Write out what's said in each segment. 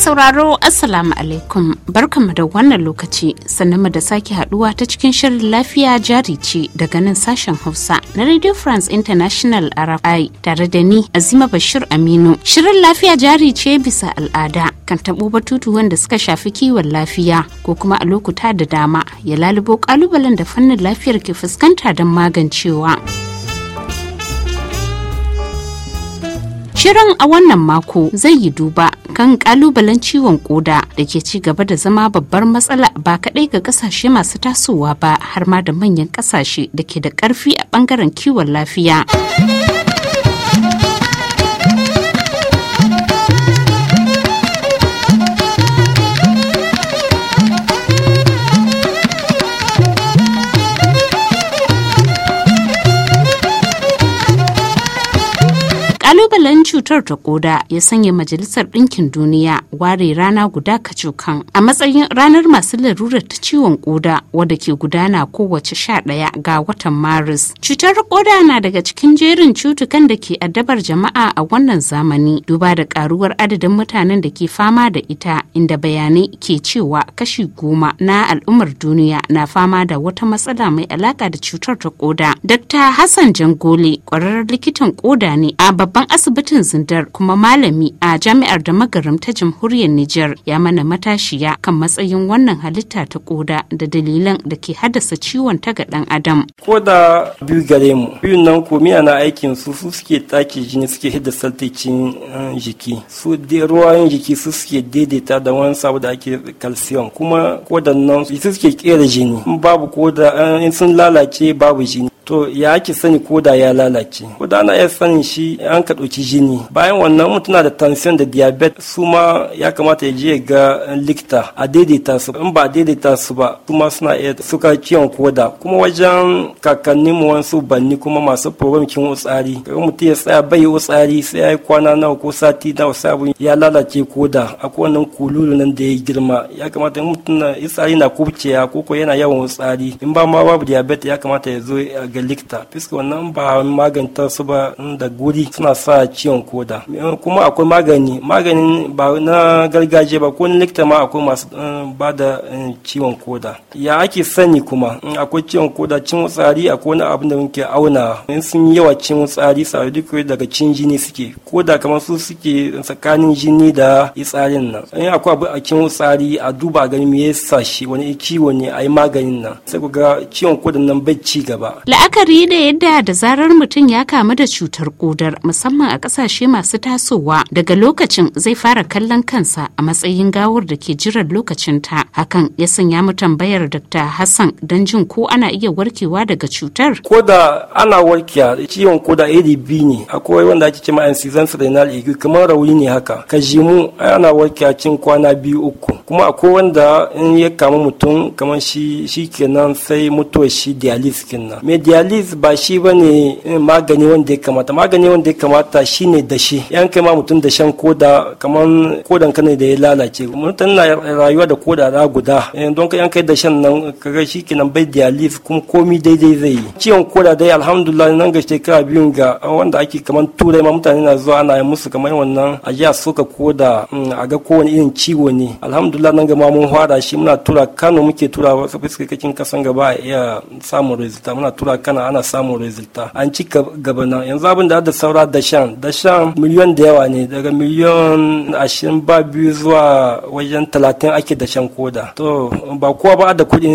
sauraro Assalamu alaikum barkanmu da wannan lokaci sannan da sake haduwa ta cikin shirin lafiya jari ce daga nan sashen Hausa na Radio France International RFI tare da ni Azima Bashir Aminu. Shirin lafiya jari ce bisa al'ada kan tabo batutu wanda suka shafi kiwon lafiya ko kuma a lokuta da dama ya lalubo kalubalen da fannin lafiyar ke fuskanta don magancewa. Shirin a wannan mako zai yi duba kan kalubalen ciwon koda da ke ci gaba da zama babbar matsala ba kaɗai ga ƙasashe masu tasowa ba har ma da manyan ƙasashe da ke da ƙarfi a ɓangaren kiwon lafiya. kalubalen cutar ta koda ya sanya majalisar ɗinkin duniya ware rana guda kacokan a matsayin ranar masu larurar ta ciwon koda wadda ke gudana kowace sha ɗaya ga watan maris cutar koda na daga cikin jerin cutukan da ke addabar jama'a a wannan zamani duba da karuwar adadin mutanen da ke fama da ita inda bayanai ke cewa kashi goma na al'ummar duniya na fama da wata matsala mai alaka da cutar ta koda dr hassan jangole kwararren likitan koda ne a babban asibitin zindar kuma malami a jami'ar da magaram ta jamhuriyar Nijar ya mana matashiya kan matsayin wannan halitta ta koda da dalilan da ke haddasa ciwon ta ga dan adam. da biyu gare mu biyun nan ko na aikin su su suke taki jini suke hidda saltacin eh, jiki su ruwan jiki su suke daidaita da wani sabu da ake calcium kuma kodan nan su suke kera jini babu koda eh, in sun lalace babu jini to ya ki sani koda ya lalace da na iya sanin shi an ka ɗauki jini bayan wannan mutum na da tension da diabetes su ma ya kamata ya je ga likita a daidaita su in ba daidaita su ba kuma suna iya suka ciwon koda kuma wajen kakannin mu wasu banni kuma masu problem kin wutsari kaga mutum ya tsaya bai tsari sai ya yi kwana nawa ko sati nawa sabon ya lalace koda akwai wannan kululu nan da ya girma ya kamata mutum na tsari na kubcewa ko ko yana yawan tsari in ba ma babu diabetes ya kamata ya zo ga likita fiska wannan ba maganta su ba da guri suna sa ciwon koda eh, kuma akwai magani maganin ba na gargajiya ba ko likita ma akwai masu eh, ba da eh, ciwon koda ya ake sani kuma akwai ciwon koda cin tsari akwai wani abin da muke auna in sun yawa cin tsari sai duk daga cin jini suke koda kamar su suke tsakanin jini da tsarin nan in akwai abu a cin tsari a duba gani me yasa shi wani ciwo ne a yi maganin nan sai ku ga ciwon koda nan bai ci gaba la'akari da yadda da zarar mutum ya kamu da cutar kodar musamman a kasashe masu tasowa daga lokacin zai fara kallon kansa a matsayin gawar da ke jiran lokacin ta hakan ya sanya mu tambayar dr hassan don jin ko ana iya warkewa daga cutar koda ana warkewa ciwon koda iri biyu ne akwai wanda ake cewa incidence renal aiguë kamar rauni ne haka ka mu ana warkewa cin kwana biyu uku kuma akwai wanda in ya kamu mutum kamar shi kenan sai mutuwa shi dialysis kenan dialysis ba shi ba ne eh, magani wanda ya kamata magani wanda ya kamata shi ne dashe yan kai ma mutum dashen koda kamar kodan ka ne da ya lalace mutum na rayuwa da koda ra guda eh, don ka yan kai dashen nan kaga shi kenan bai dialysis kuma komi daidai zai yi ciwon koda dai alhamdulillah nan ga shekara biyun ga eh, wanda ake kamar turai ma mutane na zuwa ana yi musu kamar wannan a ji a soka koda mm, a ga kowane irin ciwo ne alhamdulillah nan ga ma mun fara shi muna tura kano muke tura wasu fuskakin kasan gaba a iya samun resulta muna tura kana ana samun rezulta an ci gaba nan yanzu abin da da saura da shan da shan miliyon da yawa ne daga miliyon ashirin ba biyu zuwa wajen talatin ake da shan koda to ba kowa ba da kuɗi.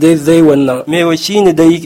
dai zai wannan me shi ne dai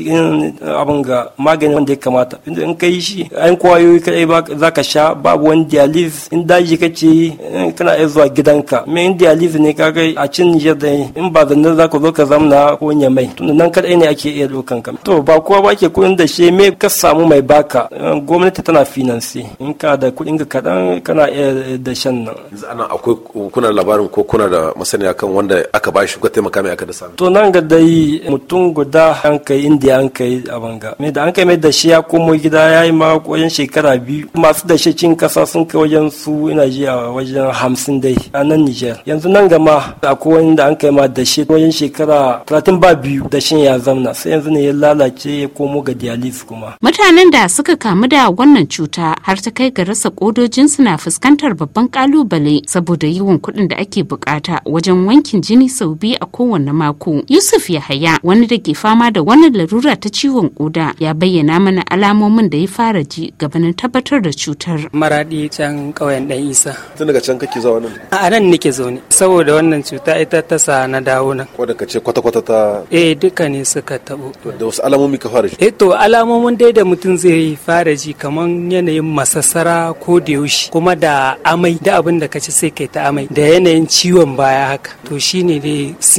abin ga magani wanda ya kamata in kai shi an kwayoyi kadai za ka sha babu wani dialysis in daji ka ce eh, kana iya zuwa gidanka me in dialysis ne ka kai a cin yadda in ba zanne za ka zo ka zamna ko nyamai tunda nan kadai ne ake iya dokan ka to ba kowa ba ke kudin da shi me ka samu mai baka gwamnati tana finance in ka da kudin ka kadan kana iya da shan nan yanzu ana akwai kuna labarin ko kuna da masaniya kan wanda aka ba shi ko taimaka mai aka da sami to nan ga dai mutum guda an kai indiya an kai a banga me da an kai mai da shi ya komo gida ya yi ma wajen shekara biyu masu da shi cin kasa sun kai wajen su ina ji a wajen hamsin dai a nan niger yanzu nan ga ma akwai wanda an kai ma da shi wajen shekara talatin ba biyu da shi ya zamna sai yanzu ne ya lalace sai ya komo ga dialysis kuma. Mutanen da suka kamu da wannan cuta har ta kai ga rasa kodojinsu na fuskantar babban kalubale saboda yawan kuɗin da ake bukata wajen wankin jini sau biyu a kowane mako. Yusuf Yahaya wani da ke fama da wannan larura ta ciwon koda ya bayyana mana alamomin da ya fara ji gabanin tabbatar da cutar. Maradi can ƙauyen ɗan Isa. Tun daga can kake zaune. nan? A nan nake zaune saboda wannan cuta ita ta sa na dawo nan. Ko da ka ce kwata-kwata ta? Eh duka ne suka taɓo. Da wasu alamomi ka fara shi? Eto eh alamomin dai da mutum zai fara ji kamar yanayin masasara ko da yaushe kuma da amai da abin da ka ci sai kai ta amai da yanayin ciwon baya haka to shine dai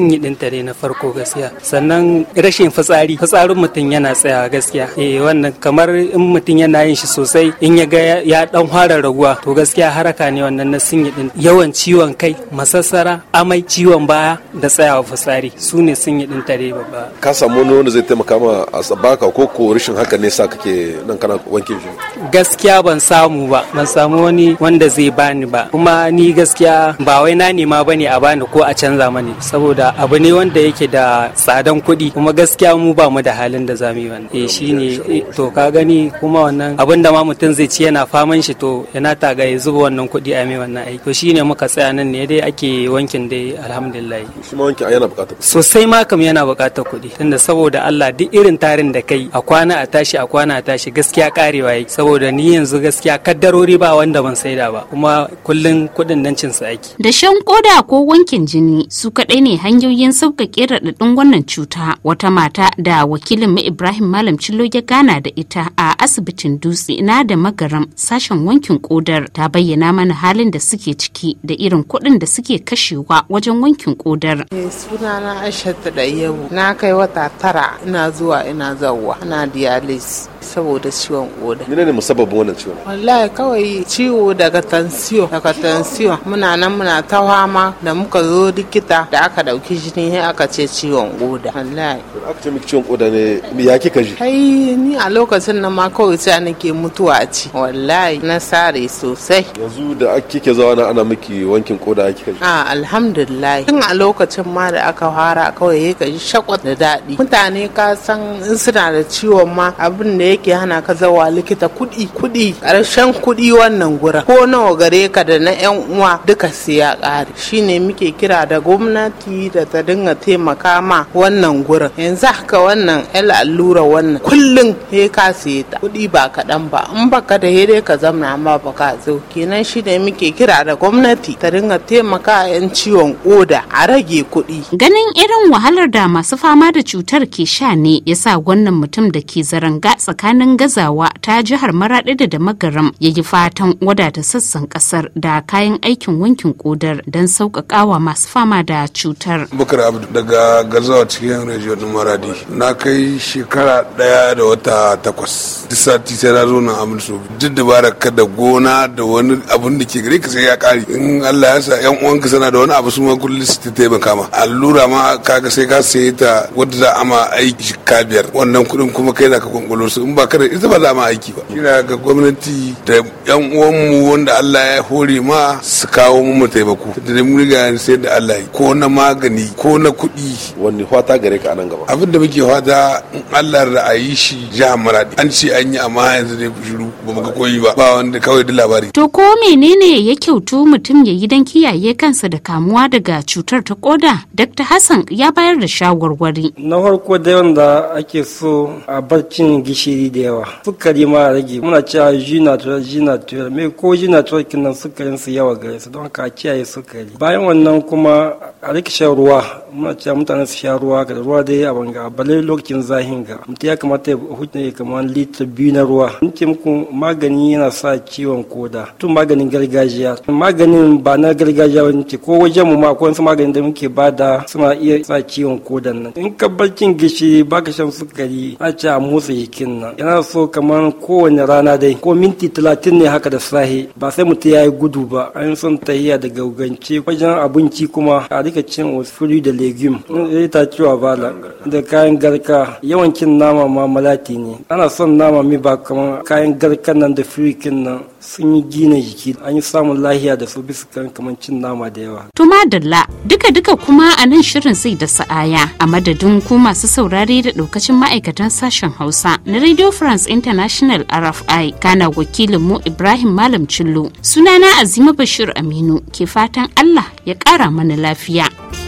yi ɗinta ne na farko gaskiya sannan rashin fitsari fitsarin mutum yana tsayawa gaskiya eh wannan kamar in mutum yana yin shi sosai in ya ga ya dan fara raguwa to gaskiya haraka ne wannan na sun yi ɗin yawan ciwon kai masasara amai ciwon baya da tsayawa fitsari su ne yi dinta ne babba ka samu wani wanda zai taimaka ma baka ko ko rashin haka ne sa kake nan kana wanke shi gaskiya ban samu ba ban samu wani wanda zai bani ba kuma ni gaskiya ba wai na nema bane a bani ko a canza mani saboda abu ne wanda yake da tsadan kuɗi kuma gaskiya mu ba mu da halin da zamu yi ba eh shine eh, to ka gani kuma wannan abin da ma mutum zai ci yana faman shi to yana ta ya zuba wannan kuɗi a mai wannan aiki to shine muka tsaya nan ne dai ake wankin dai alhamdulillah shi ma wankin yana bukatar sosai ma kam yana bukatar kuɗi tunda saboda Allah duk irin tare abin da kai a kwana a tashi a kwana a tashi gaskiya karewa yake saboda ni yanzu gaskiya kaddarori ba wanda ban sai da ba kuma kullun kuɗin nan cin su aiki. Da shan koda ko wankin jini su kaɗai ne hanyoyin sauƙaƙe raɗaɗin wannan cuta wata mata da wakilin mu Ibrahim Malam Cillo ya gana da ita a asibitin Dutse na da magaram sashen wankin kodar ta bayyana mana halin da suke ciki da irin kuɗin da suke kashewa wajen wankin kodar. Eh, sunana Aisha Tadayyabu na kai wata tara ina zuwa ina wanaanza wanadialysis saboda ciwon koda ne musabbabin wannan ciwon wallahi kawai ciwo daga tansiyo daga tansiyo muna nan muna ta fama da muka zo likita da aka dauki jini sai aka ce ciwon koda wallahi aka ce miki ciwon koda ne ya yake ji kai ni a lokacin nan ma kawai sai nake mutuwa a ci wallahi na sare sosai yanzu da kike zawa na ana miki wankin koda kika ji ah alhamdulillah tun a lokacin ma da aka fara kawai ya kaji shakwat da daɗi mutane ka san in suna da ciwon ma abin da yake hana ka zawa likita kuɗi kuɗi karshen kuɗi wannan gura ko nawa gare ka da na yan uwa duka siya kare. shine muke kira da gwamnati da ta dinga taimaka ma wannan gurin yanzu haka wannan yan allura wannan kullum he ka siye ta kuɗi ba kaɗan ba in baka da dai ka zamna amma baka zo kenan shine muke kira da gwamnati ta dinga taimaka yan ciwon koda a rage kuɗi ganin irin wahalar da masu fama da cutar ke sha ne yasa wannan mutum da ke zaranga tsakanin tsakanin gazawa ta jihar maraɗi da damagaram ya yi fatan wadata sassan kasar da kayan aikin wankin kodar don sauƙaƙawa masu fama da cutar. Bukar Abdu daga gazawa cikin rajiyonin maradi na kai shekara ɗaya da wata takwas. Duk sati sai na zo na amurso duk dabara ka da gona da wani abun da ke gare ka sai ya ƙari In Allah ya sa yan uwanka sana da wani abu su ma kullum su taimaka ma. Allura ma kaga sai ka sai ta wadda za a ma aiki ka biyar wannan kuɗin kuma kai na ka kwankwalo su in ba kada ita ba za mu aiki ba kira ga gwamnati da yan uwanmu wanda Allah ya hore ma su kawo mu mu taimako da mun riga sai da Allah ko na magani ko na kuɗi wani fata gare ka nan gaba abin da muke fata in Allah ra'ayi shi jihar Maradi an ce an yi amma yanzu dai shiru ba mu ga koyi ba ba wanda kawai da labari to ko menene ya kyautu mutum ya yi dan kiyaye kansa da kamuwa daga cutar ta koda Dr. Hassan ya bayar da shawarwari na farko dai wanda ake so a barcin gishiri sukari da yawa sukari ma rage muna cewa ji natural ji natural mai ko ji natural kinan sukarin su yawa gare su don ka kiyaye sukari bayan wannan kuma a rike shan ruwa muna cewa mutane su sha ruwa ga ruwa dai a banga balai lokacin zahin ga mutum ya kamata ya hutu kamar litir biyu na ruwa ce muku magani yana sa ciwon koda tun maganin gargajiya maganin ba na gargajiya wani ce ko wajen mu ma ko wasu maganin da muke bada suna iya sa ciwon kodan nan in ka barcin gishiri baka shan sukari a ce a motsa jikin nan yana so kamar kowane rana dai ko minti talatin ne haka da sahi ba sai mutum ya yi gudu ba an son tahiya da gaugance wajen abinci kuma a rika cin wasfuri da legume zai ta cewa bala da kayan garka yawancin nama ma malati ne ana son nama mi ba kamar kayan garkan nan da firikin nan sun yi gina jiki an yi samun lahiya da su bisa kan cin nama da yawa. Tuma Dalla duka duka kuma a nan shirin sai da sa'aya a madadin ku masu saurare da ɗaukacin ma'aikatan sashen Hausa na Radio France International RFI kana wakilin mu Ibrahim Malam Cillo sunana Azima Bashir Aminu ke fatan Allah ya kara mana lafiya.